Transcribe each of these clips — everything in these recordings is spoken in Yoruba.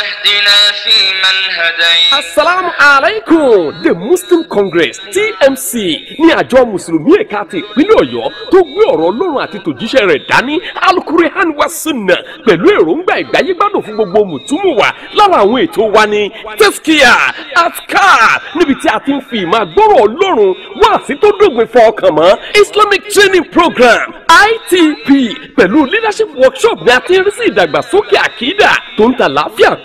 واهدنا فيمن the Muslim Congress TMC ní àjọ mùsùlùmí ẹ̀ka ti ìpínlẹ̀ Ọ̀yọ́ tó gbé ọ̀rọ̀ Ọlọ́run àti tòjíṣẹ́ rẹ̀ dání Al-Qur'an wa Sunna pẹ̀lú èròǹgbà ìgbáyégbádùn fún gbogbo mùtúmùwà lára àwọn ètò wa ní tẹ́síkìá atkar níbi tí a ti ń fi ìmọ̀ àgbọ̀rọ̀ Ọlọ́run wá sí tó dògbìn fọkàn mọ́ Islamic Training Program ITP pẹ̀lú leadership workshop ni a ti ń rí sí ìdàgbàsókè àkídà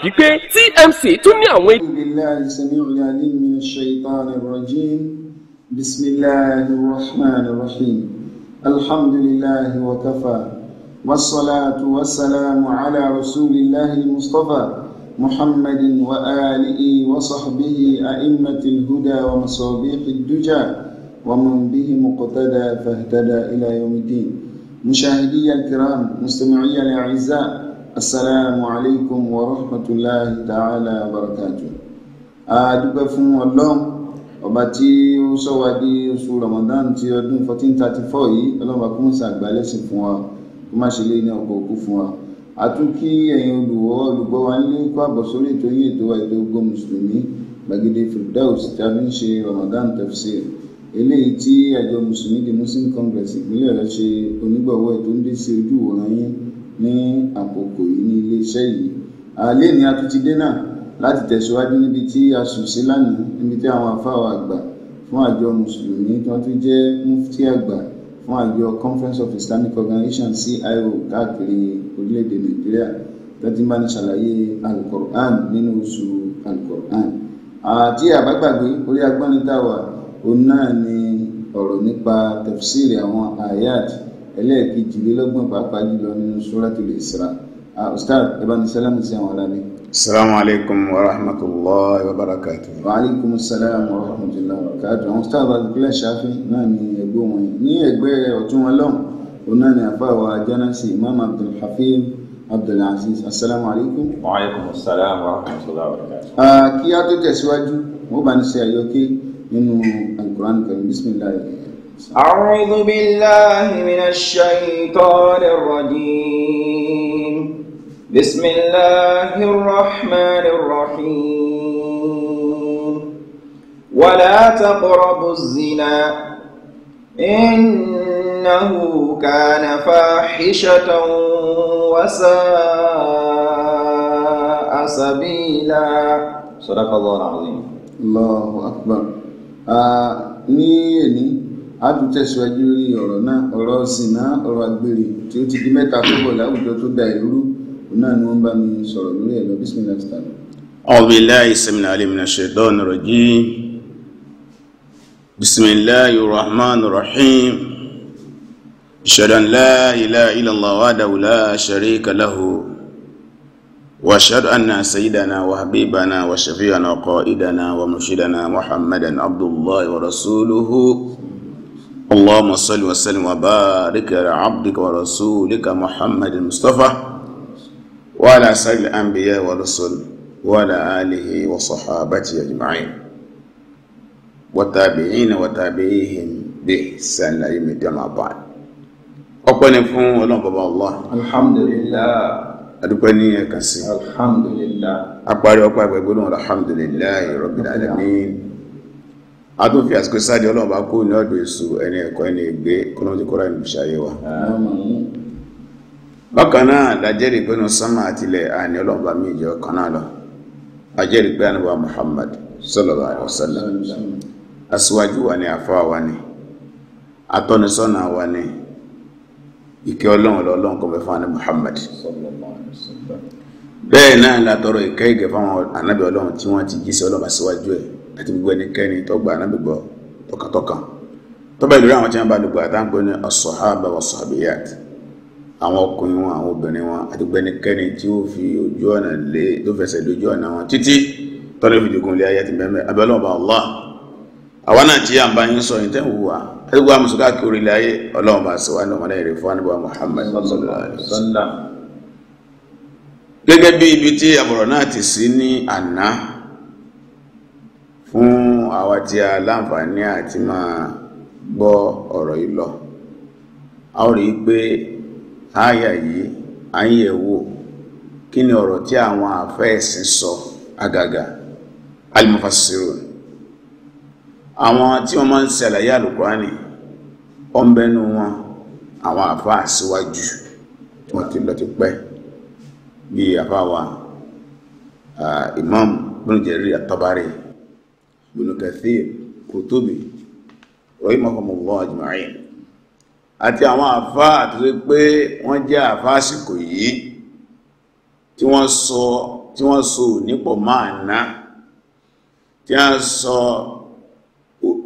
tàbí pé TMC tún ní àwọn. billahi sami'ul alim minash shaytanir rajim bismillahir rahmanir rahim alhamdulillahi wa kafa wasalaatu wasalaamu ala rasulillahi mustafa muhammadin wa alihi wa sahbihi a'immatil huda wa masabiqid duja wa man bihi muqtada fahtada ila yawmiddin مشاهدي الكرام مستمعي الأعزاء asalaamu alaykum wa rahmatulahi ta'ala wa barakatu. a dúpẹ́ fún ọlọ́run ọba tí ó sọ wá di oṣù ramadan ti ọdún fourteen thirty four yìí ọlọ́run kò ń ṣàgbálẹ́sìn fún wa kó má ṣe lé ní ọkọ̀ òkú fún wa àtúnkí ẹ̀yin olùwọ́ olùgbọ́ wa nílé kó àbọ̀ sórí ètò yín ètò wa ètò ogun mùsùlùmí gbàgede firdaus tí a fi ń ṣe ramadan tafsir eléyìí tí àjọ mùsùlùmí di muslim congress ìpínlẹ̀ rẹ̀ ṣe onígbọ̀wọ́ ètò ń dé sí ojú ìwòran yín ní àkókò yìí ní iléeṣẹ́ yìí àlẹ́ ni a tún ti dé náà láti tẹ̀síwájú níbi tí a sùn sí lánàá níbi tí àwọn afáwọ̀ àgbà fún àjọ mùsùlùmí tí wọ́n tún jẹ́ mufti àgbà fún àjọ Conference of Islamic Organization CIO káàkiri orílẹ̀-èdè Nàìjíríà tẹ́tí bá ní ṣàlàyé alukoran nínú oṣù alukoran àti àbágbàgbé orí agbọ́nitàwà òun náà ni ọ̀rọ̀ nípa tafsiri àwọn ayat ẹlẹ́ẹ̀kejìlélọ́gbọ̀n pàápàá jùlọ nínú Suratul Isra ustaz ibanisalamu sí àwọn alábi. salamu alaykum wa rahmatulahi wa barakatu. wa alaykum salam wa rahmatulahi wa barakatu. àwọn ustaz abdulkulẹ ṣáfi náà ní ẹgbẹ́ wọn ní ẹgbẹ́ ọ̀tún wọn lọ́hùn òun náà ní àfàwà jánásì imam abdulhafiz abdulaziz asalaamu alaykum. wa alaykum salam wa rahmatulahi wa barakatu. kí a tó tẹ̀síwájú أعوذ بالله من الشيطان الرجيم بسم الله الرحمن الرحيم ولا تقربوا الزنا إنه كان فاحشة وساء سبيلا صدق الله العظيم الله أكبر آه ني ني a tún tẹ̀síwájú lórí ọ̀rọ̀ náà ọ̀rọ̀ ṣìnà ọ̀rọ̀ àgbèrè tí ó ti di mẹ́ta tó bọ̀ láwùjọ tó da ìrú náà ni wọ́n bá mi sọ̀rọ̀ lórí ẹ̀ lọ bismillah ta'ala. أعوذ بالله السميع العليم من الشيطان الرجيم بسم الله الرحمن الرحيم أشهد أن لا إله إلا الله وحده لا شريك له وأشهد أن سيدنا وحبيبنا وشفيعنا وقائدنا ومرشدنا محمدا عبد الله ورسوله اللهم صل وسلم وبارك على عبدك ورسولك محمد المصطفى وعلى سائر الأنبياء والرسل وعلى آله وصحابته أجمعين وتابعين وتابعيهم بإحسان إلى يوم الدين بعد ọpẹ́ ni fún ọlọ́run bàbá Allah alhamdulillah adúpẹ́ ní ẹ̀kan sí alhamdulillah apárí ọpẹ́ ẹgbẹ̀gbẹ̀rún alhamdulillah rabbil alamin a tún fi àsìkò sáàdì ọlọ́run bá kó ní ọ̀dọ̀ èso ẹni ẹ̀kọ́ ẹni ìgbé kọ́nà tí kọ́ra ìlú ṣayé wa bákan náà lájẹ́rìí pé nu sánmà àtìlẹ̀ àní ọlọ́run bá mí ìjọ náà lọ ajẹ́rìí pé àníwá Muhammad sallallahu alaihi wasallam aṣíwájú wa ni àfáà wa ni atọ́nisọ́nà wa ni ìkẹ́ ọlọ́run lọ́lọ́run kọ́ mẹ́fà ní Muhammad bẹ́ẹ̀ náà látọrọ ìkẹ́ ìgẹ̀ fáwọn ànábì ọlọ́run tí wọ́n ti jí sí ọlọ́run àti gbogbo ẹnikẹ́ni tó gba ànábì gbọ́ tọkàntọkàn tó bá ìlú àwọn tí wọ́n bá lùgbà àtàǹgbò ní as-sahaba was-sahabiyat àwọn ọkùnrin wọn àwọn obìnrin wọn àti gbogbo ẹnikẹ́ni tí ó fi ojú ọ̀nà lé tó fẹsẹ̀ lójú ọ̀nà wọn títí tọ́lẹ̀ fi jogun lé ayé ti bẹ́ẹ̀ abẹ́lẹ́ ọba gẹ́gẹ́ bí ibi tí àbọ̀rọ̀ náà ti sí ní àná fún àwa tí a láǹfààní àti máa gbọ́ ọ̀rọ̀ yìí lọ a ó rí i pé àyà yìí à ń yẹ̀ wò kí ni ọ̀rọ̀ tí àwọn àfẹ́ẹ̀sìn sọ àgàgà alimufasirun àwọn tí wọ́n máa ń ṣàlàyé àlùkùránì ọ̀nbẹ́nu wọn àwọn àfáà síwájú tí wọ́n ti lọ ti pẹ́ bíi àfáà wa imam Ibn Jarir at Ibn Kathir Kutubi rahimahumullah ajma'in àti àwọn àfá àtúrí pé wọ́n jẹ́ àfá àsìkò yìí tí wọ́n sọ tí wọ́n sọ nípọ̀ máa ná tí wọ́n sọ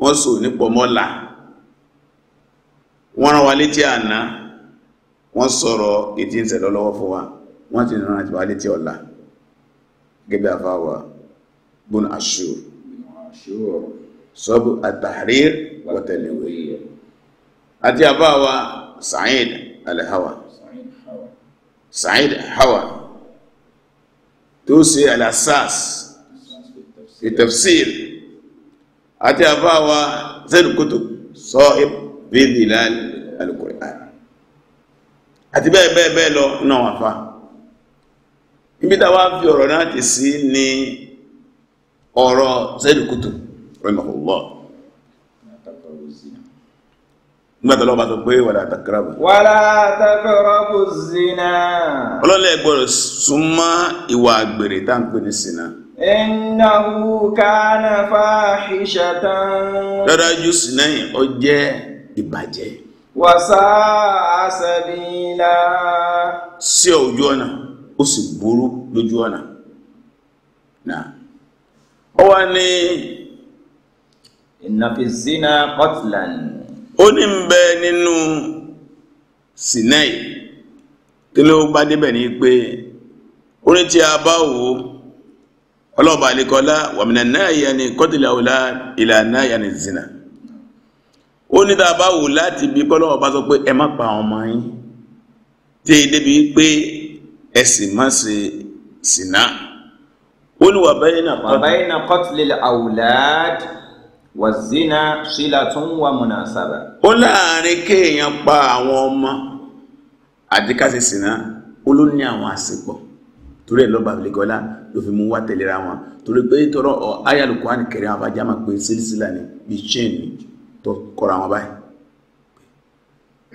wọ́n sọ nípọ̀ mọ́là wọ́n rán wa létí àná wọ́n sọ̀rọ̀ ìdí ìṣẹ̀lẹ̀ lọ́wọ́ fún wa wọ́n ti rán wa létí ọ̀la gẹ́gẹ́ bí àfá wa bun sọ́bù at-tahrir wa tanwir àti àbáwa Sa'id al-Hawa Sa'id al-Hawa tó ṣe al-Assas fi tafsir àti àbáwa Zaid Qutb sahib bí Bilal àti bẹ́ẹ̀ bẹ́ẹ̀ bẹ́ẹ̀ lọ náà wà fa ibi tàwa fi ọ̀rọ̀ náà ti sí ni ọ̀rọ̀ Sayyid Qutb rahimahullah nígbàtí ọlọ́ba tó pé wala taqrabu. wala taqrabu zina. ọlọ́lẹ̀ gbọ́dọ̀ súnmọ́ ìwà àgbèrè tá à ń pè ní sinna. innahu kana fahishatan. dájú sinna yìí ó jẹ́ ìbàjẹ́. wa sa'a sabila. sí ojú ọ̀nà ó sì burú lójú ọ̀nà náà ó wá ní ìnàfi zina qatlan ó ní ń bẹ nínú sinai kí ló bá débẹ̀ ní pé ó ní tí a bá wò ó ọlọ́ọ̀bà àlekọ́lá wàmìnà náà yà ní kọ́tìlà òlà ìlà náà yà zina ó ní tá a bá wò láti ibi kọ́lọ́wọ́ bá sọ pé ẹ má pa ọmọ yín tí débi pé ẹ sì má ṣe sìnà ó ní wà bayna kọ́tù. wà bayna qatlil awlad wà zina shilatun wà munasaba. ó láàrin kéèyàn pa àwọn ọmọ àti káṣí sìnà ó ló ní àwọn àsìkò torí ẹ̀ lọ́ba àbílẹ̀gọ́lá ló fi mú wá tẹ̀léra wọn torí pé tọrọ ọ ayálùkọ́ ànìkẹrẹ́ àwọn abájá pé sílísílà ni bí chain tó kọ́ra wọn báyìí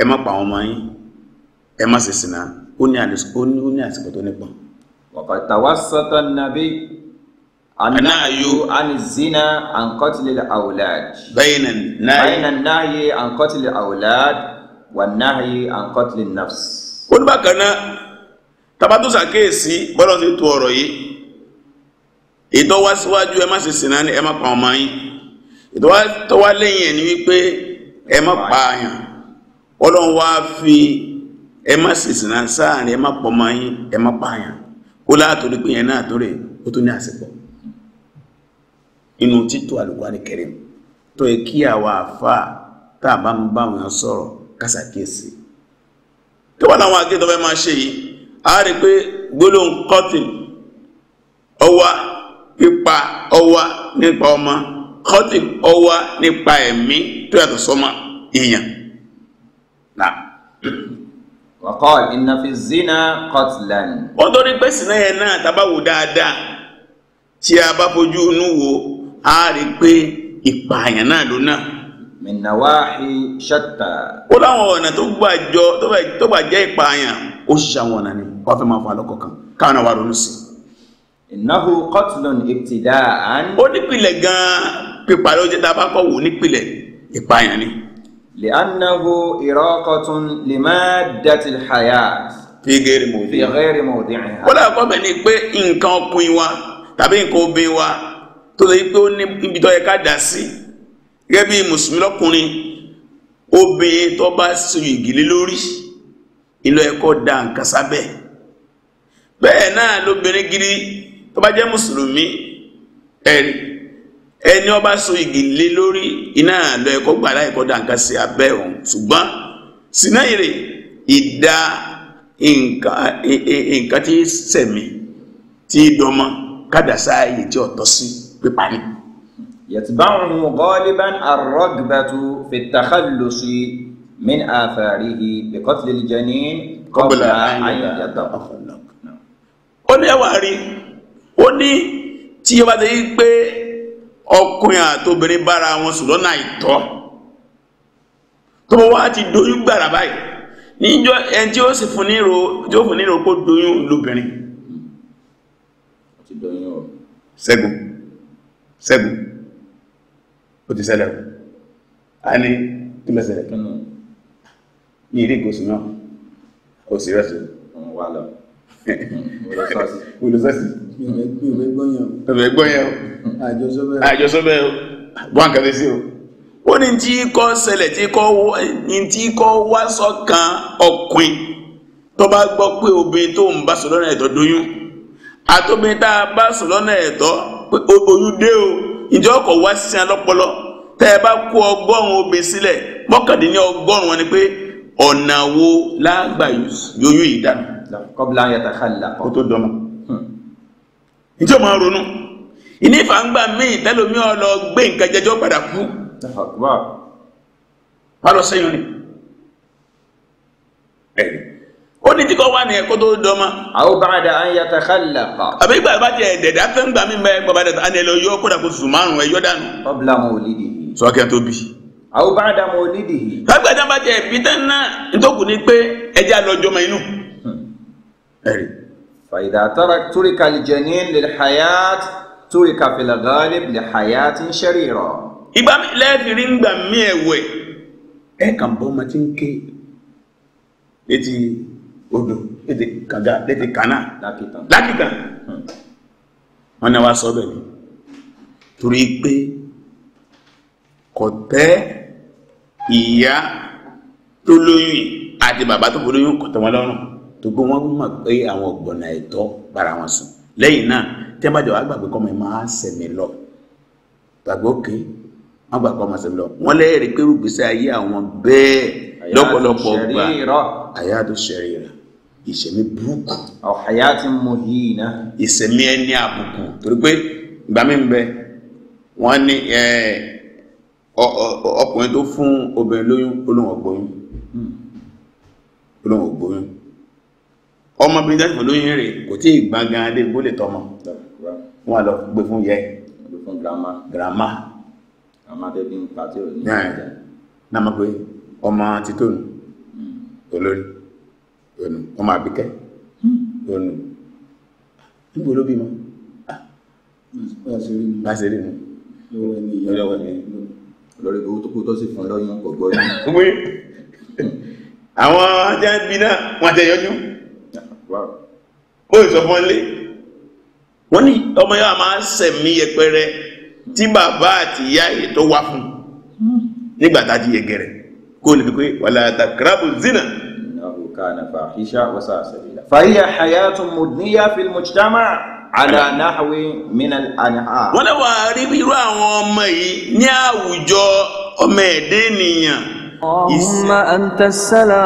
ẹ má pa àwọn ọmọ yín ẹ má sì sìnà ó ní àsìkò tó nípọn. وقد توسط النبي النهي عن الزنا عن قتل الأولاد بين النهي بين النهي عن قتل الأولاد والنهي عن قتل النفس. ó ní bákan náà tabatu ṣàkíyèsí bọ́lá ti tu ọ̀rọ̀ yìí ìtọ́wá síwájú ẹ má ṣe sìnà ni ẹ má pa ọmọ yín ìtọ́wá tọ́wá lẹ́yìn ẹ̀ ni wípé ẹ má pa àyàn ọlọ́run wá fi ẹ má ṣe sìnà sáà ni ẹ má pọ̀ ọmọ yín ẹ má pa àyàn ó látòrí pé yẹn náà tó rẹ̀ ó tó ní àsìkò inú títò Al-Qur'ani Karim tó yẹ kí àwa àfà tá a bá ń bá wọn sọ̀rọ̀ kásàkíyèsí tó wà láwọn akéèdọ́ fẹ́ máa ṣe yìí a rí pé gbólóhùn kọ́tìl ọwá pípa ọwá nípa ọmọ kọ́tìl ọwá nípa ẹ̀mí tó yàtọ̀ sọ́mọ èèyàn náà wàkọ́ inna fi zina qatlan. wọ́n tó rí pé sinna yẹn náà tábàwò dáadáa tí a bá fojú inú wo a rí pé ìpààyàn náà ló náà. min nawahi shatta. ó láwọn ọ̀nà tó gbàjọ tó gbàjẹ́ ìpààyàn ó ṣiṣẹ́ àwọn ọ̀nà ni wọ́n fẹ́ máa fọ àlọ́kọ̀ kan káwọn àwa ronú sí. innahu qatlun ibtida'an. ó nípìnlẹ̀ gan-an pípa ló tá a bá kọ́ wò nípìnlẹ̀ ìpààyàn ni. لأنه إراقة لمادة الحياة في غير موضعها في غير موضعها wọ́n lọ́pọ̀ bẹ̀ ni pé nǹkan ọkùnrin wa tàbí nǹkan obìnrin wa tó lè pé ó ní ibi tó yẹ ká dà obìnrin tó bá so ìgìlé lórí ìlọ ẹ̀kọ́ da nǹkan sábẹ́ bẹ́ẹ̀ náà lóbìnrin gidi tó bá jẹ́ mùsùlùmí ẹ̀rí ẹni ọba so igi lé lórí iná àlọ ẹkọ gbà láìkọ dàǹkà sí abẹ òun ṣùgbọ́n sínú ìdá nǹkan tí sẹmí tí dọmọ kádàsá èyí tí ọ̀tọ̀ sí pípa ni. yatba'uhu ghaliban ar-ragbatu fi at-takhallusi min atharihi bi qatl al-janin qabla an ó ní ẹwà rí ó ní tí yọba tẹ́ yí pé ọkùnrin àtobìnrin bára wọn sùn lọ́nà àìtọ́ tó wá ti doyún gbàrà báyìí níjọ́ ẹni tí ó sì fún níro tí ó fún níro kó doyún lóbìnrin ṣẹ́gun ṣẹ́gun ó ti ṣẹlẹ̀ a ní kí ló ṣẹlẹ̀ ní ilé ìgbòsùn náà ó sì rẹ̀ sí wà lọ́wọ́ o wọ́n kàfẹ́ sí o ó ní tí kọ́ ṣẹlẹ̀ tí kọ́ wá sọ́kàn ọkùnrin tó bá gbọ́ pé obìnrin tó ń bá sọ lọ́nà ẹ̀tọ́ dóyún àtòbìnrin tá a bá sọ lọ́nà ẹ̀tọ́ oyún dé o ìjọ ọkọ̀ wá sí an tẹ́ ẹ bá kó ọgọ́rùn-ún obìnrin sílẹ̀ mọ́kàndínlọ́gọ́rùn-ún wọn ni pé ọ̀nà wo lágbà yóyún ìdáná kọ́bílá yàtà kàlà kó tó dọ́mà ní tí ó máa ronú ìní ìfàǹgbà míì tẹ́lómí ọlọ gbé nǹkan jẹjọ padà kú pálọ sẹ́yìn ni ẹ̀rí ó ní tí kọ́ wá ní ẹ̀kọ́ tó dọ́mà àwọn bá dà án yàtà kàlà pa àbí ìgbà bá jẹ ẹ̀dẹ̀dẹ̀ afẹ́ǹgbà míì bá ẹgbà bá dà án ẹlọ yọ kódà kó sùn márùn ẹyọ dànù kọ́bílá mọ̀ òlìdì sọ́kẹ́ tó bì àwọn bá dà mọ̀ òlìdì. kágbàdàn bá jẹ ìbítẹ́ náà nítòkù ni pé ẹjẹ́ àlọ́jọ́mọ inú ẹ̀rí. fàyidà tọ́ra túríkà lìjẹ̀ní lìhàyàt túríkà fìlàgàlì lìhàyàt ń ṣẹ́rì rọ̀. ìgbà lẹ́ẹ̀fìrí ń gbà mí ẹ̀wẹ̀ ẹ̀ kàn bọ́ ọmọ tí ń ké létí odò létí kàga létí kànáà lákìtàn hmm. wọn ni wá sọ bẹ́ẹ̀ ni torí pé kò tẹ́ ìyá tó lóyún àti bàbá tó lóyún kò tẹ́ wọn lọ́rùn tó gbé wọn mọ̀ pé àwọn ọ̀gbọ̀nà ẹ̀tọ́ para wọn sùn lẹ́yìn náà tí wọ́n bá jọ wá gbàgbé kọ́mọ ẹ̀ máa sẹ̀mí lọ gbàgbé òkè wọ́n gbà kọ́mọ sẹ̀mí lọ wọ́n lẹ́rìí pé rúgbèsè ayé àwọn bẹ́ẹ̀ lọ́pọ̀lọpọ̀ gbà àyàdó ṣẹ̀rí rẹ̀ ìṣẹ̀mí burúkú ọ̀hàyà ti mú yìí ná ìṣẹ̀mí ẹni àbùkù torí pé ìgbà mi bẹ wọ́n ní ọkùnrin tó fún obìnrin lóyún olóhùn ọgbóyún olóhùn hmm. ọgbóyún ọmọbìnrin jáde pẹ̀lú yìí rè kò tí ì gbangán adé gbólè tọmọ wọn lọ gbé fún yẹ grama náà mọ̀ pé ọmọ títónù hmm. olórí ònù ọmọ àbíkẹ́ ònù hmm. níbo ló bímọ láti ah. rí mu lọ́wọ́ ni lórí owó tó kú tó sì fún lọ́yún kò gbọ́ yín. àwọn ajá bí náà wọ́n jẹ́ yọjú ó ìsọfún ilé wọ́n ní ọmọ yóò máa sẹ̀mí yẹpẹrẹ tí bàbá àti ìyá yìí tó wá fún nígbà tá a ti yẹgẹrẹ kó lè fi pé wàlá takrabu zina. innahu kana fahisha wa sa'a sabila. fahiya hayatun mudniya fil mujtama ala nahwi min anha. wọ́n lè wà rí irú àwọn ọmọ yìí ní àwùjọ ọmọ ẹ̀dẹ́ nìyàn. Ọ̀húnmá àǹtẹ̀ sẹ́lá.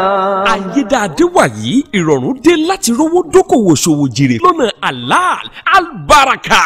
Àyédáadé wà yìí, ìrọ̀rùn dé láti rówó dókòwò ṣòwò jèrè lọ́nà Alal, albaraka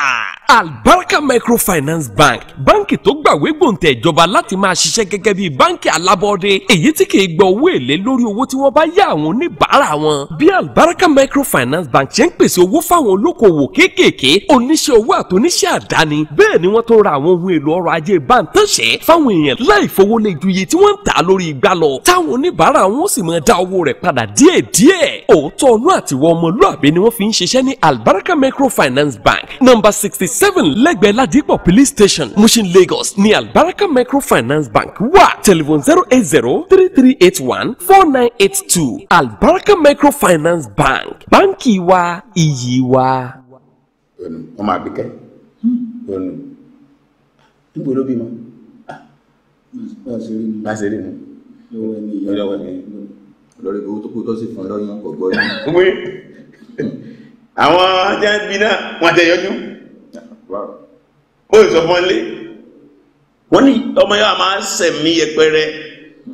albaraka microfinance bank báǹkì tó gbàwé gbòǹtẹ̀ ìjọba láti máa ṣiṣẹ́ gẹ́gẹ́ bí báǹkì alábọ́dé èyí tí kì í gba owó èlé lórí owó tí wọ́n bá yá àwọn oníbàárà wọn bí albaraka microfinance bank ṣe ń pèsè owó fáwọn olókoòwò kéékèèké oníṣẹ́ owó àtúnṣe àdáni bẹ́ẹ̀ ni wọ́n tó ra àwọn ohun èlò ọrọ̀ ajé bántánṣẹ́ fáwọn èèyàn láì fowó lé ju iye tí wọ́n ń tà lórí igbá lọ táwọn oníbàárà wọn sì máa dá owó rẹ̀ padà díẹ̀díẹ̀ òótọ́ ọ̀nù àtiwọ́ ọmọlúàbí ni wọ́n fi ń ṣiṣẹ́ ní al Albaraka Microfinance Bank number sixty seven lẹ́gbẹ̀ẹ́ Ladipo police station Mushin Lagos ní Albaraka Microfinance Bank wà telephone zero eight zero three three eight one four nine eight two Albaraka Microfinance Bank Banki wa iyi wa. ọmọ àbíkẹ́ ọ̀nù níbo ló bímọ láṣẹ́rì ah, ni lọ́wọ́ ni lórí owó tó kú tó sì fún ọ lọ́yàn kò gbọ́ yẹn àwọn ajá ń bí náà wọ́n tẹ yọjú ó sọ fún ilé wọ́n ní ọmọ yóò máa sẹ̀mí yẹpẹrẹ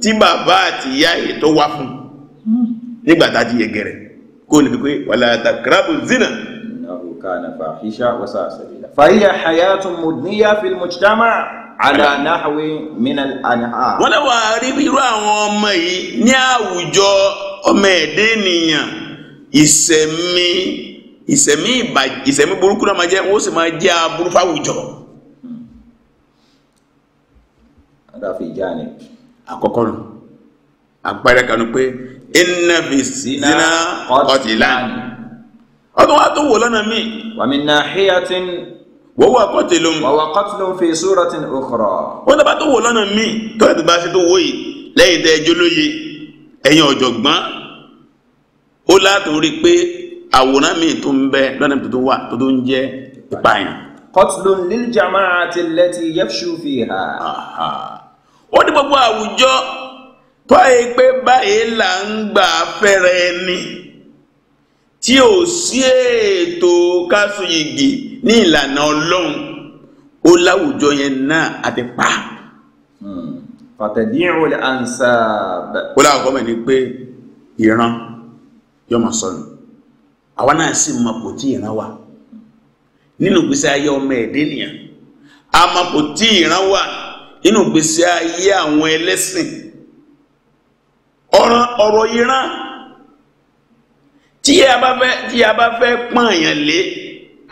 tí bàbá àti ìyá yìí tó wá fún nígbà tá a ti yẹgẹrẹ kó ní pípé wàlá takrabu zina. innahu kana fahisha wa sa'a sabila. fahiya mujtama ala nahwi min anha. wọ́n lè wà rí irú àwọn ọmọ yìí ní àwùjọ ọmọ ẹ̀dẹ́ ènìyàn ìsẹ̀mí ìsẹ̀mí ìbà ìsẹ̀mí burúkú náà máa jẹ́ wọ́n sì máa jẹ́ aburú fáwùjọ. adáfi ìjà ni. àkọ́kọ́ nù àpẹẹrẹ kanu pé iná fi síná ọtí láàánú ọdún wa tó wò lọ́nà míì. wàmí náà híyàtìn. wọ́n wà kọ́tìlùm. wọ́n wà kọ́tìlùm fi súratin ukhra. wọ́n dábàá tó wò lọ́nà míì tó yẹ tó bá ṣe tó wò yìí lẹ́yìn tẹ́ ẹjọ́ lóye ẹ̀yin ọ̀jọ̀gbọ́n ó látòrí pé àwòrán míì tó ń bẹ lọ́nà tó tó wà tó tó ń jẹ́ ìpààyàn. qatlun lil jama'ati allati yafshu fiha. ó ní gbogbo àwùjọ tó àyè pé báyìí là ń gbà fẹ́rẹ̀ ẹni tí ò sí ètò kásòyìgì ní ìlànà ọlọ́run ó láwùjọ yẹn náà àti pa. pàtàkì hmm. ìrọ̀lẹ́ ansab. ó láwùjọ mẹ́ni pé ìran yọmọ sọnù àwa náà sì mọ kò ìran wa nínú ìgbésí ayé ọmọ ẹ̀dẹ́ nìyàn a mọ kò ìran wa nínú ìgbésí ayé àwọn ẹlẹ́sìn ọ̀rọ̀ ìran tí a bá fẹ́ tí a bá fẹ́ pọ́n èèyàn lé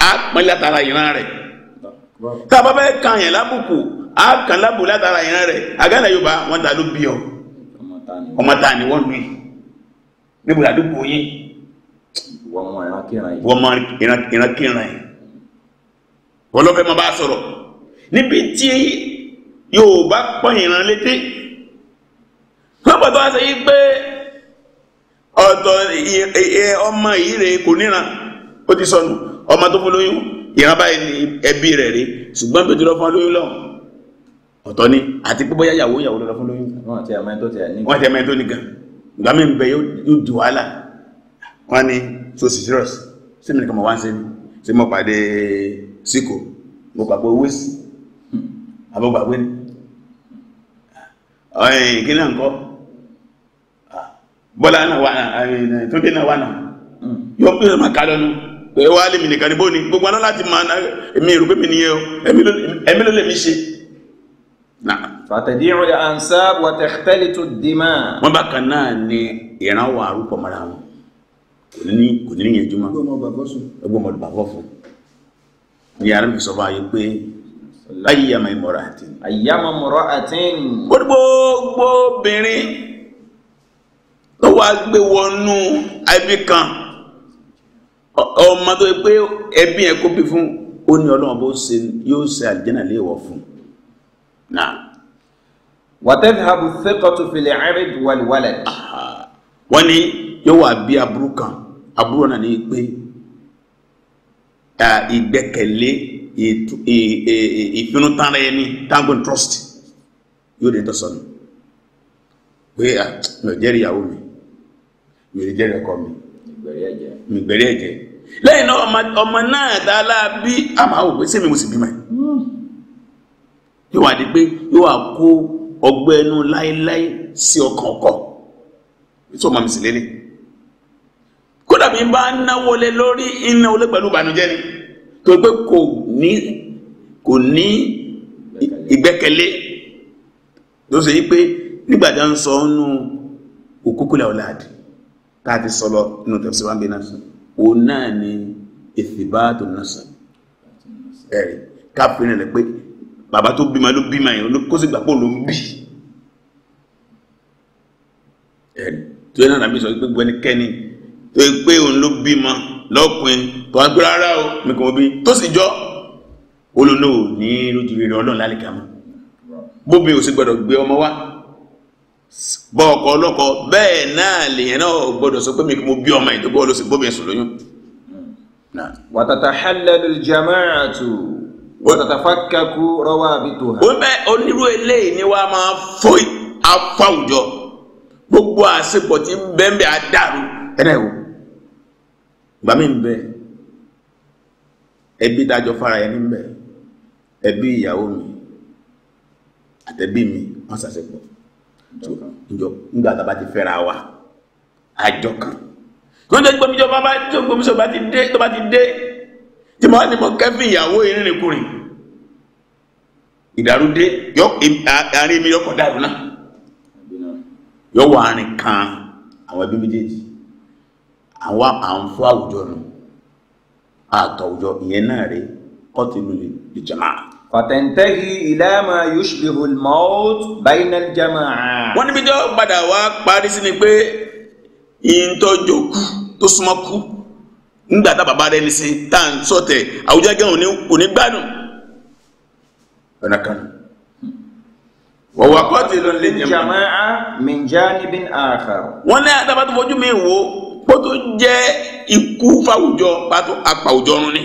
a pọ́n látara ìran rẹ̀ tá a bá fẹ́ kan èèyàn lábùkù a kan lábù látara ìran rẹ̀ àgánà Yorùbá wọn dà bí ọ ọmọ ta ni wọn lù yìí níbo làdúgbò yìí wọ́n mọ ìrankíran ẹ̀ wọ́n lọ́fẹ́ mọ́ bá sọ̀rọ̀ níbi tí yóò bá pọ̀ ìran létí lọ́pọ̀ tó wá sẹ́yí pé ọ̀tọ̀ ọmọ yìí rẹ̀ kò níran ó ti sọnù ọmọ tó fún lóyún ìran báyìí ni ẹbí rẹ̀ rí ṣùgbọ́n bí ó ti lọ fún lóyún lọ́wọ́ ọ̀tọ̀ ni àti pé bóyá ìyàwó ìyàwó lọ fún lóyún wọ́n ti ẹ̀mẹ́ tó ní gan ìgbà mi ń ni so sì serious sí mi nìkan mọ̀ wá ń ṣe mọ̀ pàdé síkò mo pàpọ̀ owó sí àbọ̀gbàgbé ni ọ̀yìn kí ń kọ́ bọ́lá náà wà náà yóò pín ọmọ ká lọ́nu pé wá lè mi nìkan níbó ni gbogbo aná láti máa èmi ìrù pé mi nìyẹn o ló lè mi ṣe fàtẹ̀dí ìròyìn ansab wàtẹ̀tẹ́lì tó dì wọ́n bá kan náà ni ìran wà mara wọn kò ní kò ní yẹn jùmọ́ ẹgbọ́n ọmọdé bàbọ́ fún ní ara mi sọ fún ayé pé ayyama imọ̀rọ̀ àti ayyama mọ̀rọ̀ àti gbogbo obìnrin tó wá gbé wọnú ẹbí kan ọmọ tó pé ẹbí ẹ kó bí fún ó ní ọlọ́run bó ṣe yóò ṣe àlìjẹ́nà léèwọ̀ fún náà wàtẹ́fì wọ́n ni yóò wà bí aburú kan aburú náà ni pé ìgbẹ́kẹ̀lé ìfinútánra ẹni tangon trust yóò dé tọ́sọ̀nù pé mi ò jẹ́rìí ìyàwó mi mi ò jẹ́rìí ọkọ mi mi gbẹ̀rẹ̀ ẹ̀jẹ̀ lẹ́yìn náà ọmọ náà dáadáa bí àmà òwe sí mi mo sì bímọ yóò wà dé pé yóò wà kó ọgbẹ́ ẹnu láéláé sí ọkàn ọkọ nítorí ọmọ mi sì lélẹ̀ tọ́mọlúàbí bá náwó lé lórí iná olé pẹ̀lú ìbànújẹ́ ni tó pé kò ní kò ní ìgbẹ́kẹ̀lé tó sì pé nígbàdá ń sọ ọ́nú òkúkúlẹ̀ ọ̀làdì táàtì sọlọ inú tẹ̀sí wá ń bí násán òun náà ni ìsìbáàtò násán ẹ̀rì káfíìn rẹ̀ pé bàbá tó bímọ ló bímọ yẹn kó sì gbàpọ̀ ló ń bì ẹ̀rì tí ó náà nàbí sọ pé gbẹ́nikẹ́ni tó yẹ pé òun ló bímọ lọ́pin tó wá pé rárá o mẹ́kàn bí tó sì jọ olóòlò ní lójú rere ọlọ́run lálẹ́kà bóbi ò sì gbọ́dọ̀ gbé ọmọ wá bọ́ ọkọ̀ ọlọ́kọ̀ bẹ́ẹ̀ náà lèyàn náà gbọ́dọ̀ sọ pé mi kí mo bí ọmọ ìdógbò olóòsì bóbi ẹ̀sùn lóyún wa tatahallalu ìgbà mí ń bẹ ẹbí dájọ fara ẹni ń bẹ ẹbí ìyàwó mi àtẹbí mi wọn ṣàṣepọ̀ nígbà tá a bá ti fẹ́ra wa àjọ kan tó dé gbọmíjọba bá tó gbọmíjọba ti dé tó bá ti dé tí mo wá ní mo kẹfì ìyàwó ìrìnrìnkùnrin ìdàrúdé àárín mi yọkọ̀ dàrú náà yọ wọ àárín kan àwọn ẹbí méjèèjì àwọn àǹfọ́ àwùjọ nù àtọ̀wùjọ ìyẹn náà rí ọtìlú ìjàmà. fàtẹ̀ntẹ́hì ìlàmà yushbihu al-maut bayna al-jamaa. wọ́n níbi jọ́ padà wá parí sí ni pé ìǹtọ́jọ kú tó súnmọ́ kú nígbà tá bàbá rẹ ní sí tá à ń sọ̀tẹ̀ àwùjọ gẹ́ òní gbádùn. ọ̀nà kan nù wọ̀wọ̀ kọ́tìlù lè jẹ̀mọ́. min janibi akhar. wọ́n ní àdàbàtúfojú mi wo tó jẹ́ ikú fáwùjọ pàtó apàwùjọ run ni.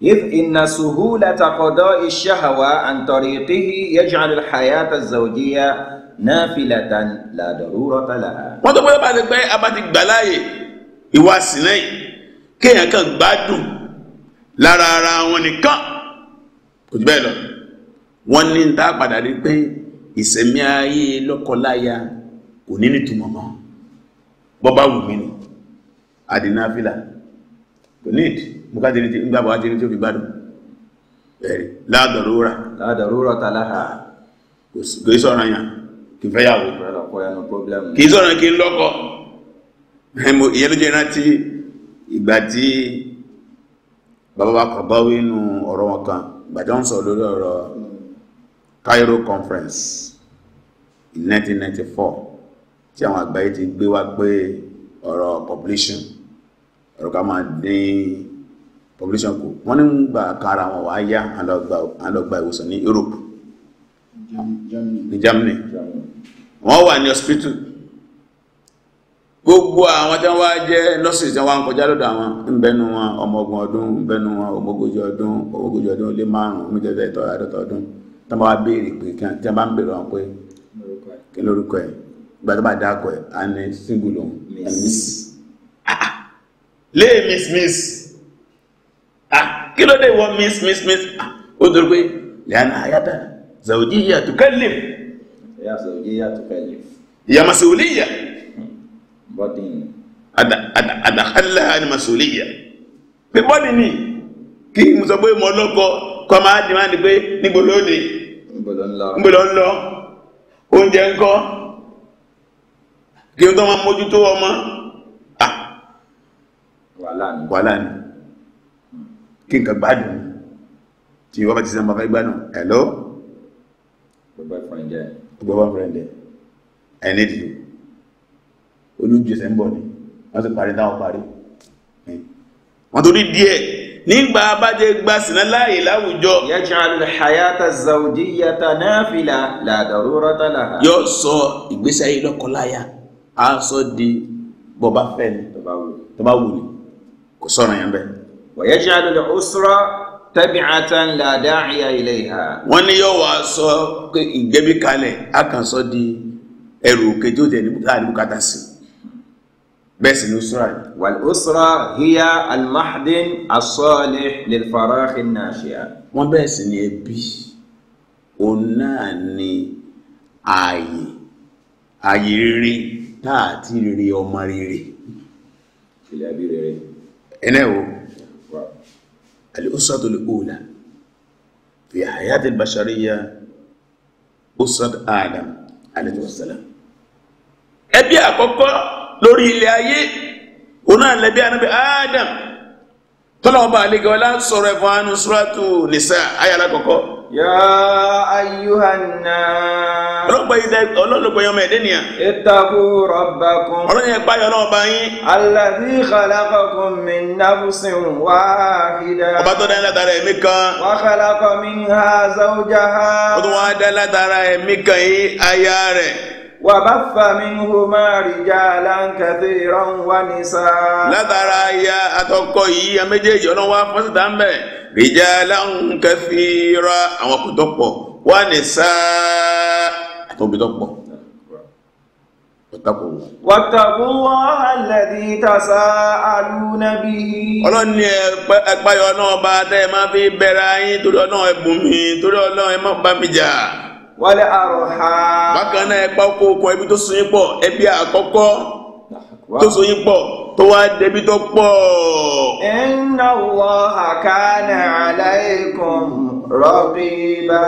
if inna suhulata qada'i shahwa an tariqihi yaj'al al-hayata az-zawjiyya nafilatan la darurata laha. wọ́n tó gbọ́dọ̀ bá ti gbẹ́ abáti gbà láàyè ìwà sílẹ̀ kéèyàn kan gbádùn lára ara wọn nìkan kò jù bẹ́ẹ̀ lọ wọ́n ní ta padà rí pé ìsẹ̀mí ayé lọ́kọláya kò ní nítumọ̀ mọ́ bọ́bá wù mí ni àdínáfílà kò need bukadiri tí gbàbọ̀ adiri tí ó fi gbádùn bẹ̀rẹ̀ láàdọ̀rúra láàdọ̀rúra tàláhà ah, kò í sọ̀rọ̀ yàn kì fẹ́yàwó kì í sọ̀rọ̀ kì í lọ́kọ na ló jẹ́ kan Cairo Conference 1994 ti population ọ̀rọ̀ ká máa dín population kù wọ́n ní ń kára wọn wá yá àlọ́gbà ìwòsàn ní Europe ní Germany wọ́n wà ní hospital gbogbo àwọn tí wọ́n wá jẹ́ nọ́ọ̀sì tí wọ́n kọjá lọ́dọ̀ àwọn ń bẹnu wọn ọmọ ogun ọdún ń bẹnu wọn ọmọgójì ọdún ọmọgójì ọdún lé márùn-ún ìtọ́ àádọ́ta ọdún tí wọ́n bá béèrè pé kí wọ́n bá ń lé miss miss ah kí ló dé wọ miss miss miss ah ó dúró pé lẹ́yìn àyàtà zawjiyya tukallim. ìyá zawjiyya tukallim. ìyá masuliyya. bọ́dì ni. àdàkálẹ̀ ni masuliyya pé bọ́dì ni kí n sọ pé mo lọ́kọ kọ́ máa dì máa ní pé níbo ló ní. níbo ló ń lọ. oúnjẹ ńkọ́ kí n tó máa mójútó ọmọ wàhálà ni kí nǹkan gbádùn tí wọ́n bá ti sinmi afẹ́ gbádùn hello gbogbo friend ẹ̀ need ń bọ̀ ni wọ́n sì parí táwọn parí wọ́n torí díẹ̀ nígbà abájẹ́ gba sínú láàyè láwùjọ. yaj'alu al kò sọ̀rọ̀ yẹn bẹ́ẹ̀. wọ̀yẹ́ ṣe àlùlẹ̀ ó sọ́rọ̀ tẹ́bí atan làdá àyà ilẹ̀ ìhà. wọ́n ní yóò wá sọ pé ìgbẹ́bí kalẹ̀ di ẹrù kejì ó tẹ̀ ní bùkátà sí bẹ́ẹ̀ sì ni usra yìí. wal usra hiya almahdin as-salih lil wọ́n bẹ́ẹ̀ sì ni ẹbí òun ààyè ààyè rere táà rere ọmọ rere. ìlẹ̀ àbí هنا الأسد الأولى في حياة البشرية أسد آدم عليه السلام أبي أكوكو لوري لأيه هنا òun náà بآدم ànábì tọ́lọ́ọ̀bá àlejò ọlá sọ̀rọ̀ ẹ̀fọ́ anú suratu nìsá ayára kọ̀kọ́. yà á ayúhà náà. ọlọ́pàá yìí dáì ọlọ́lọ́pàá yọmọ ẹ̀dẹ́ nìyà. ìtàkù rabbakum. ọlọ́run yẹn pààyàn náà bá yín. alladhi khalaqakum min nafsin wahida. ọba tó dá látara ẹ̀mí kan. wa khalaqa minha zawjaha. ó tún wá dá látara ẹ̀mí kan yìí aya rẹ̀. وبث منهما رجالا كثيرا ونساء látara aya àtọkọ yìí a méjèèjì ọlọ́run wá fọ́n síta ń bẹ̀ رجالا كثيرا àwọn ọkùnrin tó pọ̀ ونساء àtọ́bí tó pọ̀ wọ́tàkùn wọ́tàkùn wọ́n alladhi tasaaluna bihi ọlọ́run ni ẹ̀páyọ̀ náà bá tẹ́ ẹ máa fi bẹ̀rẹ̀ ayín torí ọlọ́run ẹ̀bùn mi torí ọlọ́run ẹ má bá mi jà wálé àròhà. bákan náà ẹ pa ọkọ okùn ẹbí tó so yín pọ̀ ẹbí àkọ́kọ́ tó so yín tó wá dẹbí tó pọ̀. inna Allaha kana alaykum raqiba.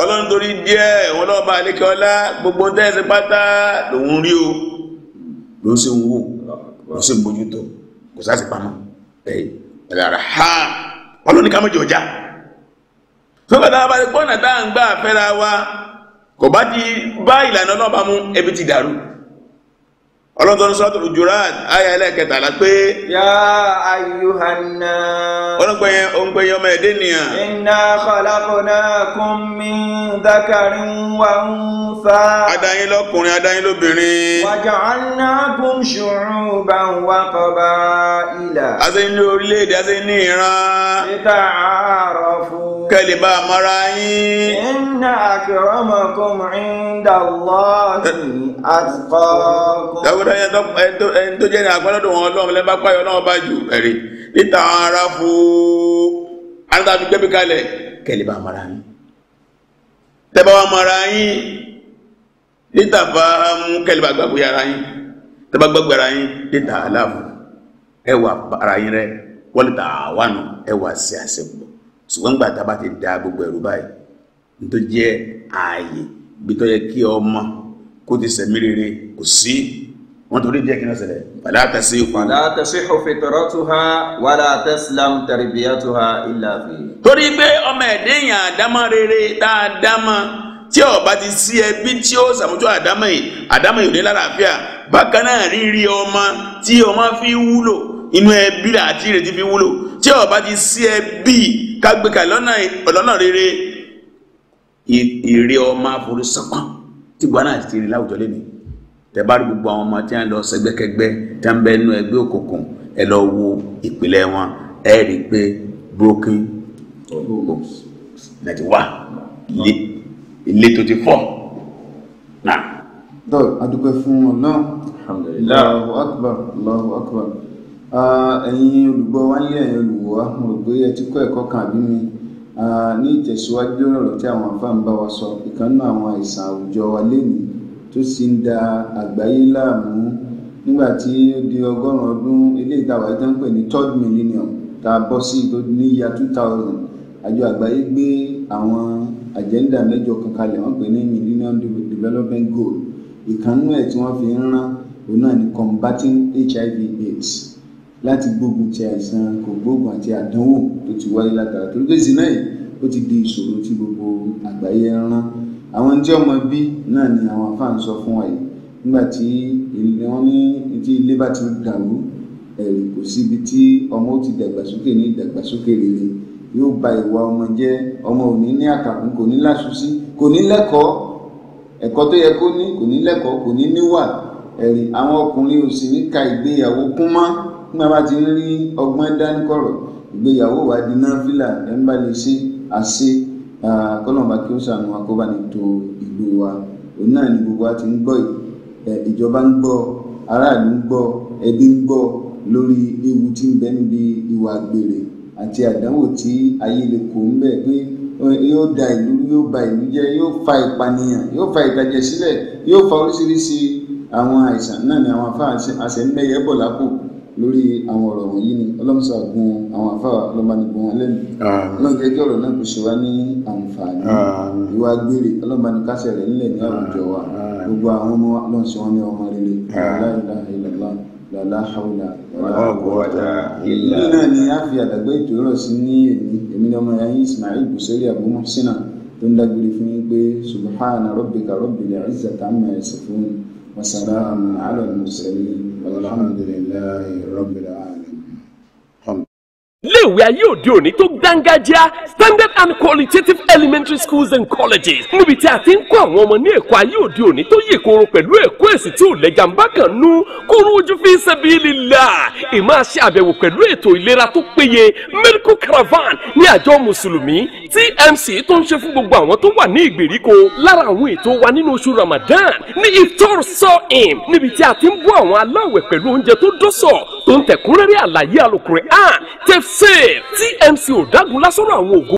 ọlọ́run torí díẹ̀ òun náà bá àlékẹ́ ọlá gbogbo tẹ́sí pátá lòún rí o lòún sì ń wò lòún sì ń bójútó kò sáà sì pamọ́ ẹ̀yìn ẹ̀rọ àrà ha ọlọ́run ní ká mọ̀jọ̀ ọjà sọ́kà tá a bá ti gbọ́nà tá à ń gbà fẹ́ra wa kò bá ti bá ìlànà ọlọ́ba mú ẹbí ti dàrú ọlọ́run tó ń sọ́tò Hujurat ayé ẹlẹ́kẹtàlá pé. yá ayyuhanna. ọlọ́gbẹ̀yẹ ọ̀ngbẹ̀yẹ ọmọ ẹ̀dẹ́ nìyà. inna khalaqnakum min dhakarin wa untha. adáyín lọ́kùnrin adáyín lóbìnrin. wa ja'alnakum shu'uban wa qaba'ila. aṣẹ́yìn ní orílẹ̀-èdè aṣẹ́yìn ní ìran. lita'arafu. kẹ́lẹ̀ bá a mara yín. inna akramakum inda Allahi atqakum. lọ́dọ̀ ẹni tó jẹ́ ní àpẹ́lọ́dọ̀ wọn ọlọ́run lẹ́bá páyọ náà bá jù ẹ̀rí níta ara fún alátàbí gbẹ́bí kalẹ̀ kẹlẹ̀ mara yín tẹbà wa mara níta mú gbàgbé ara yín tẹ́bá gbàgbé ara níta ẹwà ara yín rẹ wọ́n àwánu ẹwà sí ṣùgbọ́n gbà tá a bá ti da wọ́n torí díẹ̀ kí ní ọ̀sẹ̀lẹ̀ wàlá tẹ̀sí ìkùn. wàlá tẹ̀sí òfìtọ̀rọ̀ tó ha wàlá tẹ̀sílám tẹ̀rìbíyà tó ha ìlà fi. torí pé ọmọ ẹ̀dẹ́yìn àdámọ́ rere tá a dámọ́ tí ó bá ti sí ẹbí tí ó sàmójú àdámọ́ yìí àdámọ́ yìí ò ní lálàáfíà bákan náà rírí ọmọ tí ọmọ fi wúlò inú ẹbí àti ìrètí fi wúlò tí ó ti sí ẹbí kágbéka lọ́nà rere tẹ bá rí gbogbo àwọn ọmọ tí wọn lọ sẹgbẹkẹgbẹ tí wọn bẹ nú ẹgbẹ́ òkùnkùn ẹ lọ wo ìpìlẹ̀ wọn ẹ rí i pé broken homes láti wà ilé tó ti fọ́ na. dọ́ọ̀ adúpẹ́ fún ọ náà alhamdulillah allahu akbar allahu akbar ẹ̀yin olùgbọ́ wa nílé ẹ̀yin olùwọ́ wa mo rò pé ẹ ti kọ́ ẹ̀kọ́ kan àbí mi ní ìtẹ̀síwájú lórí tí àwọn afáàmì bá wa sọ ìkànnì àwọn àìsàn àwùjọ wa lénìí tó sì ń da àgbáyé láàmú nígbà tí ó di ọgọ́rùn-ún ọdún eléyìí tá wà ń pè ní third millennium tá a bọ́ sí tó ní ya two thousand àjọ àgbáyé gbé àwọn àjẹ́ńdà mẹ́jọ kan kalẹ̀ wọ́n pè ní millennium development goal ìkànnú ẹ̀ tí wọ́n fi ń rán òun náà ni combating hiv aids láti gbógun ti àìsàn kògbóògùn àti àdánwò tó ti wáyé látara torí pé zina yìí ó ti di ìṣòro tí gbogbo àgbáyé ń rán àwọn tí ọmọ bí náà ni àwọn afá ń sọ fún wa yìí nígbà tí wọ́n ní tí ilé bá ti dàrú ẹ̀rì kò síbi tí ọmọ ó ti dàgbàsókè ní ìdàgbàsókè rere yóò ba ìwà ọmọ jẹ́ ọmọ ò ní ní àkàkùn kò ní lásùsí kò ní lẹ́kọ̀ọ́ ẹ̀kọ́ tó yẹ kó ní kò ní lẹ́kọ̀ọ́ kò ní níwà ẹ̀rì àwọn ọkùnrin ò sì ní ka ìgbéyàwó kún mọ́ nígbà bá ti ń rí ọgbọ́n dáníkọ̀rọ̀ ìgbéyàwó wa di náà ń bá lè ṣe àṣe kọ́nàbà kí ó sànù wa kó bá ní to ìlú wa òun náà ni gbogbo wa ti ń gbọ́ ìjọba ń gbọ́ aráàlú ń gbọ́ ẹbí ń gbọ́ lórí ewu tí ń bẹ níbi ìwà àgbèrè àti àdánwò tí ayé lè kó ń bẹ pé yóò da ìlú yóò ba ìlú jẹ yóò fa ìpànìyàn yóò fa ìdajẹ sílẹ̀ yóò fa oríṣiríṣi àwọn àìsàn náà ni àwọn afáàṣẹ àṣẹ ń mẹyẹ bọ lápò lórí àwọn ọ̀rọ̀ wọ̀nyí ni ọlọ́mùsà gun àwọn àfáà ọlọ́mọbanigun wọn lẹ́nu ọlọ́gẹ́ ẹjọ́ ọ̀rọ̀ náà kò ṣe wá ní àǹfààní ìwà gbére ọlọ́mọbanikásẹ̀ rẹ̀ nílẹ̀ ní àwùjọ wa gbogbo àwọn ọmọ ọlọ́sìn wọn ní ọmọ rere láìláà ìlàlá lọ́lá haúlà ọ̀gbọ̀wọ̀ta ilẹ̀ náà ni a fi àdàgbé ètò ọ̀rọ̀ sí ní èmi èmi ni ọmọ ya yín Ismail Busari والحمد لله رب العالمين léèwé ayé òde òní tó dángájá standard and qualitative elementary schools and colleges níbi tí a ti ń kọ́ àwọn ọmọ ní ẹ̀kọ́ ayé òde òní tó yè koro pẹ̀lú ẹ̀kọ́ èsì tí ò lẹ́jà ń bá kàn nú kóró ojú fi sabilillah ìmọ̀ àṣẹ àbẹ̀wò pẹ̀lú ètò ìlera tó péye medical caravan ní àjọ mùsùlùmí TMC tó ń ṣe fún gbogbo àwọn tó wà ní ìgbèríko lára àwọn ètò wa nínú oṣù Ramadan ní iftar sọ́ọ̀m níbi tí a ti ń bọ́ àwọn aláwẹ̀ pẹ̀lú oúnjẹ tó dọ́sọ̀ tó ń tẹ̀kúnrẹ́rẹ́ àlàyé àlùkùrẹ́ àn tẹ́f save tmc ò dágunlá sọ̀rọ̀ àwọn ògo.